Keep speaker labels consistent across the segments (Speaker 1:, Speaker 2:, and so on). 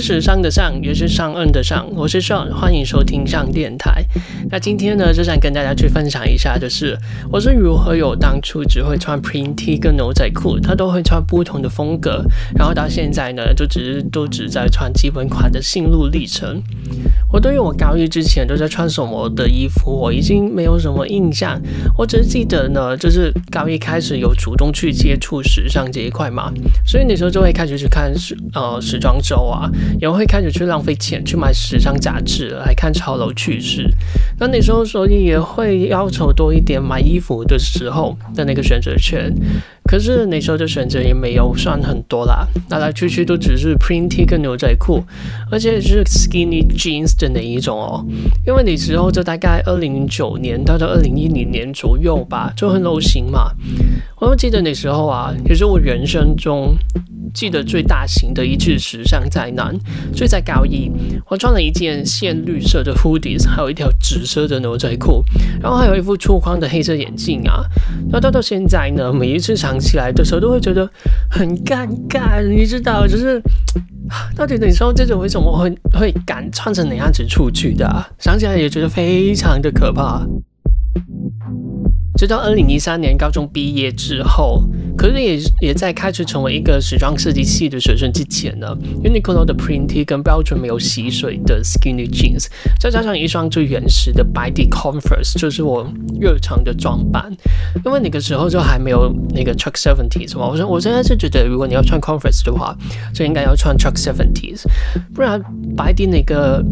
Speaker 1: 是上的上，也是上岸的上。我是 Sean，歡迎收聽上電台。那今天呢，就想跟大家去分享一下的，就是我是如何有當初只會穿 print T 跟牛仔褲，他都會穿不同的風格，然後到現在呢，就只是都只在穿基本款的心路歷程。我對於我高一之前都在穿什麼的衣服，我已經沒有什麼印象。我只是記得呢，就是高一開始有主動去接觸時尚這一塊嘛，所以那時候就會開始去看時呃時裝周啊，也會開始去浪費錢去買時尚雜誌來看潮流趨勢。那那時候所以也會要求多一點買衣服的時候的那個選擇權。可是那時候的選擇也沒有算很多啦，來來去去都只是 print tee 跟牛仔褲，而且是 skinny jeans 的那一種哦、喔。因為那時候就大概二零零九年到到二零一零年左右吧，就很流行嘛。我記得那時候啊，也是我人生中記得最大型的一次時尚災難。所以在高一，我穿了一件鮮綠色的 hoodies，還有一條紫色的牛仔褲，然後還有一副粗框的黑色眼鏡啊。那到到現在呢，每一次想。起來的時候都會覺得很尷尬，你知道，就是到底你說這種為什麼會會敢穿成那樣子出去的啊？想起來也覺得非常的可怕。直到二零一三年高中畢業之後，可是也也在開始成為一個時裝設計系的學生之前呢 ，Uniqlo 的 Print Tee 跟標準沒有洗水的 Skinny Jeans，再加上一雙最原始的白底 Converse，就是我日常的裝扮。因為那個時候就還沒有那個 Chuck Seventies 嘛，我說我現在是覺得，如果你要穿 Converse 的話，就應該要穿 Chuck Seventies，不然白底那個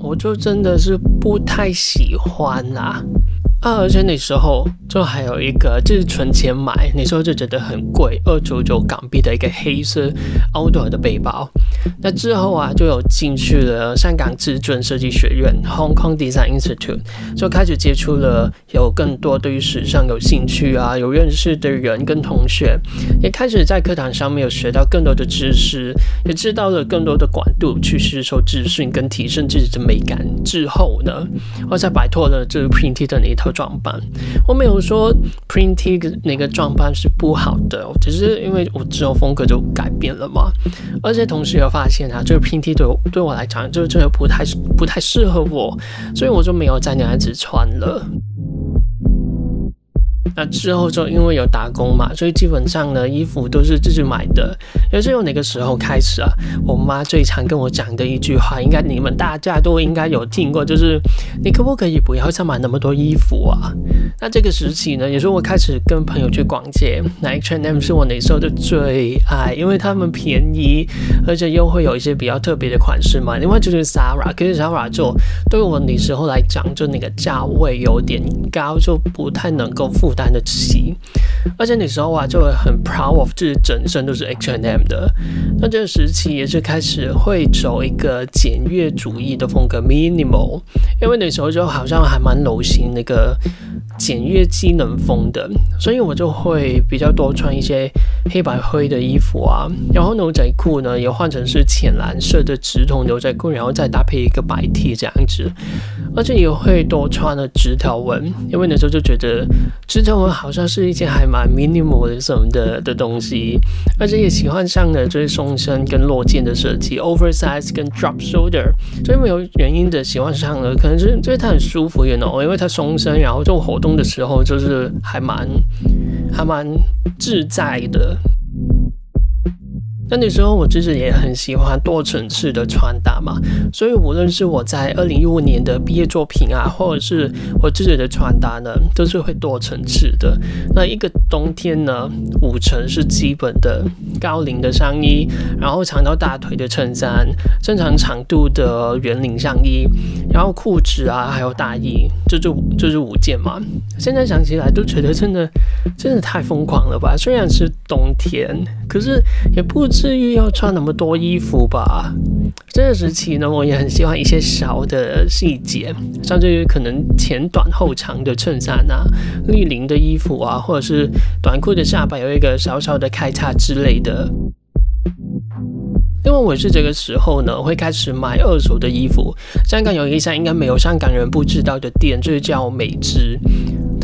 Speaker 1: 我就真的是不太喜歡啦。啊、而且那時候就還有一個，就是存錢買，那時候就覺得很貴，二九九港幣的一個黑色 Outdoor 的背包。那之後啊，就有進去了香港知專設計學院 （Hong Kong Design Institute），就開始接觸了有更多對於時尚有興趣啊、有認識的人跟同學，也開始在課堂上面有學到更多的知識，也知道了更多的廣度，去吸收資訊跟提升自己的美感。之後呢，我才擺脫了這個 printed 的那一套。裝扮，我沒有說 printy 那個裝扮是不好的，只是因為我之後風格就改變了嘛，而且同時又發現啊，這個 printy 對我對我來講就是真的不太不太適合我，所以我就沒有再那樣子穿了。那之後就因為有打工嘛，所以基本上呢，衣服都是自己買的。也是由那個時候開始啊，我媽最常跟我講的一句話，應該你們大家都應該有聽過，就是你可不可以不要再買那麼多衣服啊？那這個時期呢，也是我開始跟朋友去逛街。那 H&M 是我那時候的最愛，因為他們便宜，而且又會有一些比較特別的款式嘛。另外就是 Zara，可是 Zara 就對我那時候來講，就那個價位有點高，就不太能夠付。單的期，而且那時候啊，就會很 proud of 自己整身都是 H and M 的。那這個時期也是開始會走一個簡約主義的風格，minimal。Minimal, 因為那時候就好像還蠻流行那個簡約機能風的，所以我就會比較多穿一些黑白灰的衣服啊。然後牛仔褲呢也換成是淺藍色的直筒牛仔褲，然後再搭配一個白 T 這樣子。而且也會多穿了直條紋，因為那時候就覺得直。就我好像是一件還蠻 minimal 什麼的的東西，而且也喜歡上了就是鬆身跟落肩的設計，oversize 跟 drop shoulder，所以沒有原因的喜歡上了，可能、就是就是它很舒服也點 you know? 因為它鬆身，然後做活動的時候就是還蠻還蠻自在的。那那時候我自己也很喜歡多層次的穿搭嘛，所以無論是我在二零一五年的畢業作品啊，或者是我自己的穿搭呢，都是會多層次的。那一個冬天呢，五層是基本的高領的上衣，然後長到大腿的襯衫，正常長度的圓領上衣，然後褲子啊，還有大衣，這就是、就是五件嘛。現在想起來都覺得真的真的太瘋狂了吧？雖然是冬天，可是也不止。至於要穿那麼多衣服吧，這個時期呢，我也很喜歡一些小的細節，像這些可能前短後長的襯衫啊、立領的衣服啊，或者是短褲的下擺有一個小小的開叉之類的。因為我是這個時候呢，會開始買二手的衣服。香港有一家應該沒有香港人不知道的店，就是叫美姿，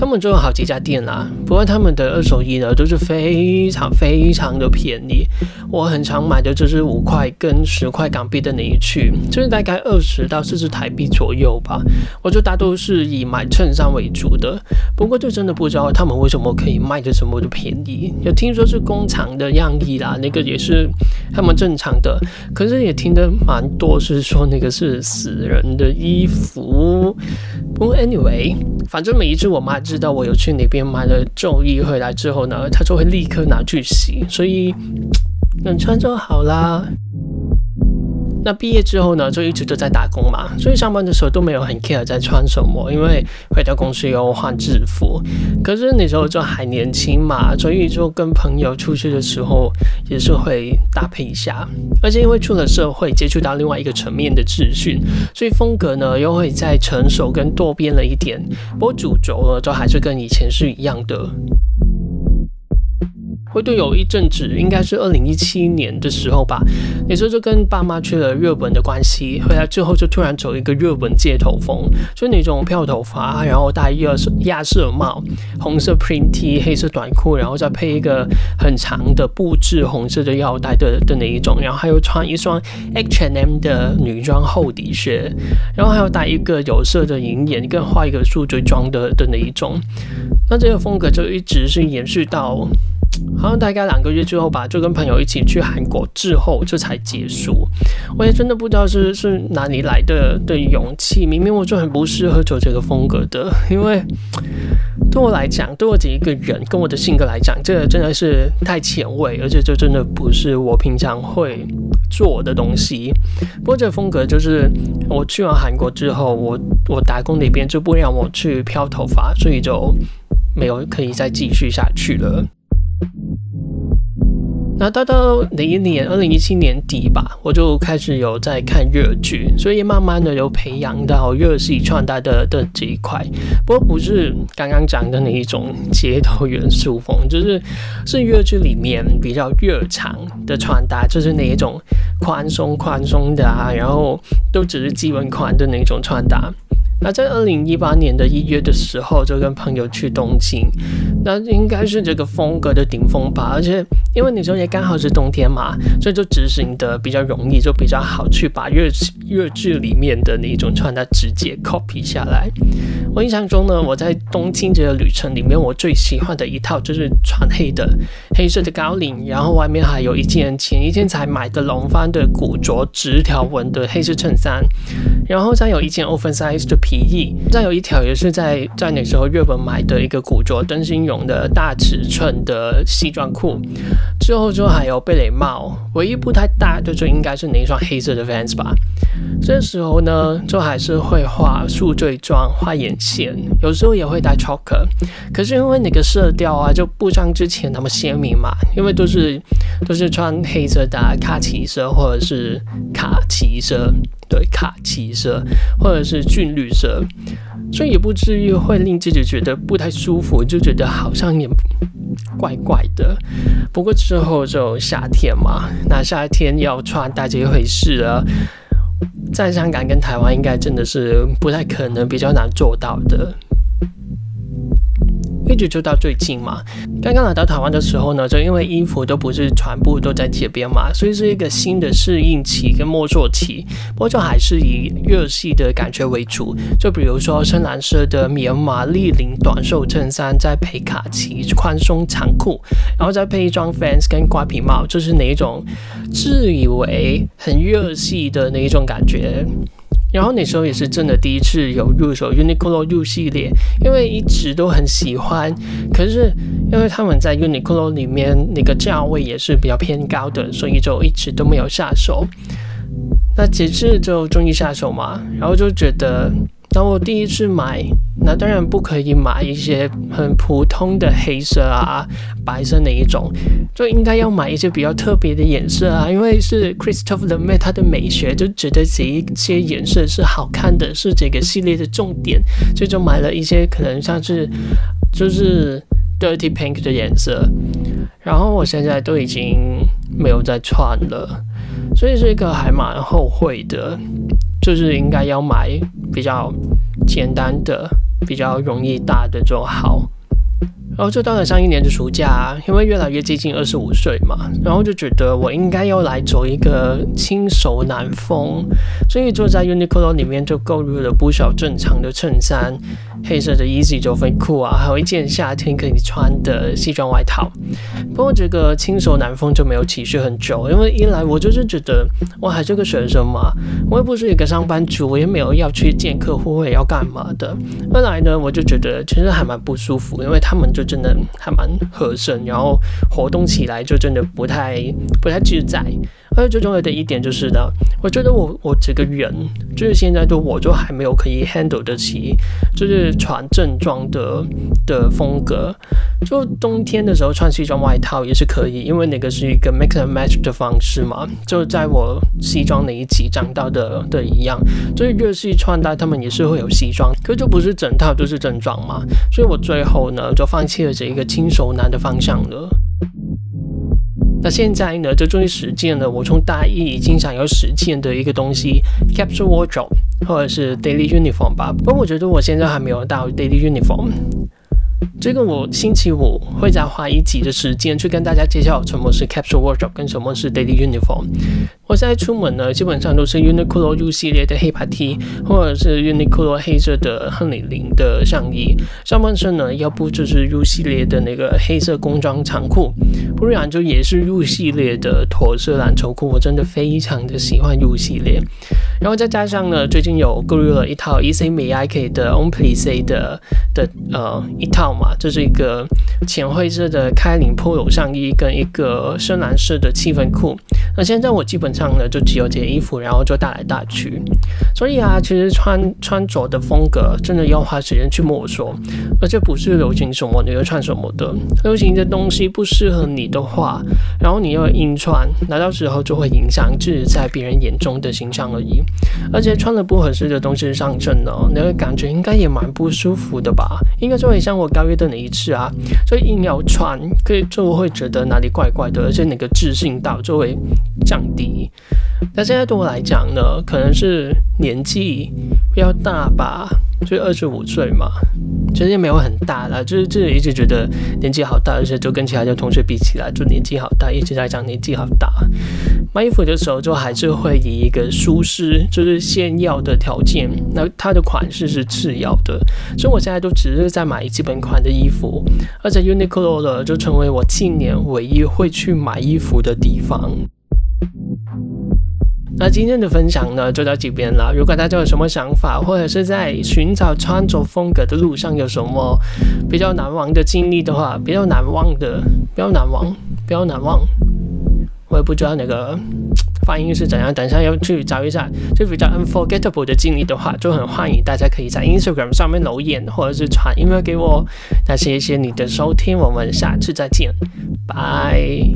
Speaker 1: 他們就有好幾家店啦、啊，不過他們的二手衣呢，都是非常非常的便宜。我很常買的就是五塊跟十塊港幣的那一區，就是大概二十到四十台幣左右吧。我就大都是以買襯衫為主的，不過就真的不知道他們為什麼可以賣的這麼的便宜。有聽說是工廠的樣衣啦，那個也是還蠻正常的。可是也聽得蠻多是說那個是死人的衣服。不過，anyway，反正每一次我媽知道我有去那邊買了舊衣回來之後呢，她就會立刻拿去洗，所以，能穿就好啦。那畢業之後呢，就一直都在打工嘛，所以上班的時候都沒有很 care 在穿什麼，因為回到公司又要換制服。可是那時候就還年輕嘛，所以就跟朋友出去的時候也是會搭配一下。而且因為出了社會，接觸到另外一個層面的資訊，所以風格呢又會再成熟跟多變了一點。不過主軸呢，就還是跟以前是一樣的。會都有一陣子，應該是二零一七年的時候吧。你說就跟爸媽去了日本的關係，回來之後就突然走一個日本街頭風，就那種漂頭髮，然後戴熱亞，鴨舌帽，紅色 print T，黑色短褲，然後再配一個很長的布制紅色的腰帶的的那一種，然後還有穿一雙 H&M 的女裝厚底靴，然後還有戴一個有色的隱眼，跟畫一個素錐妝的的那一種。那這個風格就一直是延續到。好像大概兩個月之後吧，就跟朋友一起去韓國之後，這才結束。我也真的不知道是是哪裡來的的勇氣。明明我就很不適合做這個風格的，因為對我來講，對我自己一個人跟我的性格來講，這個真的是太前衛，而且這真的不是我平常會做的東西。不過這個風格就是我去完韓國之後，我我打工那邊就不讓我去漂頭髮，所以就沒有可以再繼續下去了。那到到哪一年？二零一七年底吧，我就開始有在看日劇，所以慢慢的有培養到日系穿搭的的這一塊。不過不是剛剛講的那一種街頭元素風，就是是日劇裡面比較日常的穿搭，就是那一種寬鬆寬鬆的啊，然後都只是基本款的那種穿搭。那在二零一八年的一月的時候，就跟朋友去東京，那應該是這個風格的頂峰吧。而且因為那時候也剛好是冬天嘛，所以就執行的比較容易，就比較好去把日日劇裡面的那種穿搭直接 copy 下來。我印象中呢，我在東京這個旅程裡面，我最喜歡的一套就是穿黑的黑色的高領，然後外面還有一件前一天才買的龍帆的古着直條紋的黑色襯衫，然後再有一件 oversize 的皮，皮衣。再有一條也是在在那時候日本買的一個古着燈芯絨的大尺寸的西裝褲。之後就還有貝雷帽。唯一不太搭的就應該是那一雙黑色的 Vans 吧。這時候呢，就還是會畫宿醉妝，畫眼線，有時候也會戴 Choker。可是因為那個色調啊，就不像之前那麼鮮明嘛，因為都是都是穿黑色的、啊、卡其色或者是卡其色。的卡其色或者是軍綠色，所以也不至於會令自己覺得不太舒服，就覺得好像也怪怪的。不過之後就夏天嘛，那夏天要穿大衣一回事啊，在香港跟台灣應該真的是不太可能，比較難做到的。一直就到最近嘛，剛剛來到台灣的時候呢，就因為衣服都不是全部都在街邊嘛，所以是一個新的適應期跟摸索期。不過就還是以日系的感覺為主，就比如說深藍色的棉麻立領短袖襯衫，再配卡其寬鬆長褲，然後再配一雙 Vans 跟瓜皮帽，就是那一種自以為很日系的那一種感覺。然後那時候也是真的第一次有入手 Uniqlo U 系列，因為一直都很喜歡，可是因為他們在 Uniqlo 裡面那個價位也是比較偏高的，所以就一直都沒有下手。那這次就終於下手嘛，然後就覺得。當我第一次買，那當然不可以買一些很普通的黑色啊、白色那一種，就應該要買一些比較特別的顏色啊。因為是 Christophe Lemaire 他的美學就覺得這一些顏色是好看的，是這個系列的重點，所以就買了一些可能像是就是 Dirty Pink 的顏色，然後我現在都已經沒有再穿了，所以這個還蠻後悔的。就是應該要買比較簡單的、比較容易搭的就好。然後就到了上一年的暑假，因為越來越接近二十五歲嘛，然後就覺得我應該要來走一個輕熟男風，所以就在 Uniqlo 裡面就購入了不少正常的襯衫。黑色的 easy 九分褲啊，還有一件夏天可以穿的西裝外套。不過這個輕熟男風就沒有持續很久，因為一來我就是覺得我還是個學生嘛，我也不是一個上班族，我也沒有要去見客戶要幹嘛的。二來呢，我就覺得其實還蠻不舒服，因為他們就真的還蠻合身，然後活動起來就真的不太不太自在。還有最重要的一點就是呢，我覺得我我這個人就是現在都我都還沒有可以 handle 得起，就是穿正裝的的風格。就冬天的時候穿西裝外套也是可以，因為那個是一個 make a match 的方式嘛，就在我西裝那一期講到的的一樣。所以日系穿搭他們也是會有西裝，可就不是整套就是正裝嘛。所以我最後呢就放棄了這一個輕熟男的方向了。那現在呢，就終於實踐了我從大一已經想要實踐的一個東西，capsule wardrobe，或者是 daily uniform 吧。不過我覺得我現在還沒有到 daily uniform。這個我星期五會再花一集的時間去跟大家介紹什麼是 capsule wardrobe，跟什麼是 daily uniform。我現在出門呢，基本上都是 Uniqlo U 系列的黑白 T，或者是 Uniqlo 黑色的亨利領的上衣，上半身呢，要不就是 U 系列的那個黑色工裝長褲，不然就也是 U 系列的駝色籃球褲。我真的非常的喜歡 U 系列，然後再加上呢，最近有購入了一套 Issey Miyake 的 Homme Plissé 的的、的呃一套嘛，這、就是一個淺灰色的開領 polo 上衣跟一個深藍色的七分褲。那現在我基本上，這樣的就只有件衣服，然後就搭來搭去，所以啊，其實穿穿着的風格真的要花時間去摸索，而且不是流行什麼你就穿什麼的。流行的東西不適合你的話，然後你又硬穿，那到時候就會影響自己在別人眼中的形象而已。而且穿了不合適的東西上陣呢，那個感覺應該也蠻不舒服的吧？應該就會像我高一的那一次啊，所以硬要穿，可以就會覺得哪裡怪怪的，而且那個自信度就會降低。那現在對我來講呢，可能是年紀比較大吧，就二十五歲嘛，其實也沒有很大了，就是自己，就是一直覺得年紀好大，而且就跟其他的同學比起來，就年紀好大，一直在講年紀好大。買衣服的時候就還是會以一個舒適就是先要的條件，那它的款式是次要的，所以我現在都只是在買一基本款的衣服，而且 Uniqlo 就成為我近年唯一會去買衣服的地方。那今天的分享呢就到這邊了。如果大家有什麼想法，或者是在尋找穿着風格的路上有什麼比較難忘的經歷的話，比較難忘的，比較難忘，比較難忘，我也不知道那個發音是怎樣。等一下要去找一下，就比較 unforgettable 的經歷的話，就很歡迎大家可以在 Instagram 上面留言，或者是傳 email 給我。那謝謝你的收聽，我們下次再見，拜。